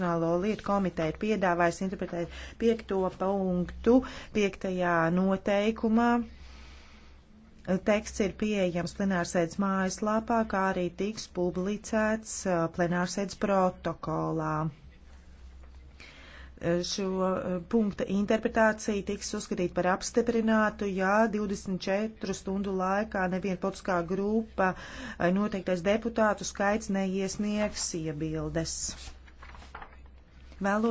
konstitucionālo lietu komiteja ir piedāvājusi interpretēt piekto punktu piektajā noteikumā. Teksts ir pieejams plenārsēdes mājaslapā, kā arī tiks publicēts uh, plenārsēdes protokolā. Uh, šo uh, punkta interpretācija tiks uzskatīta par apstiprinātu, ja 24 stundu laikā neviena politiskā grupa noteiktais deputātu skaits neiesniegs iebildes. Vēlos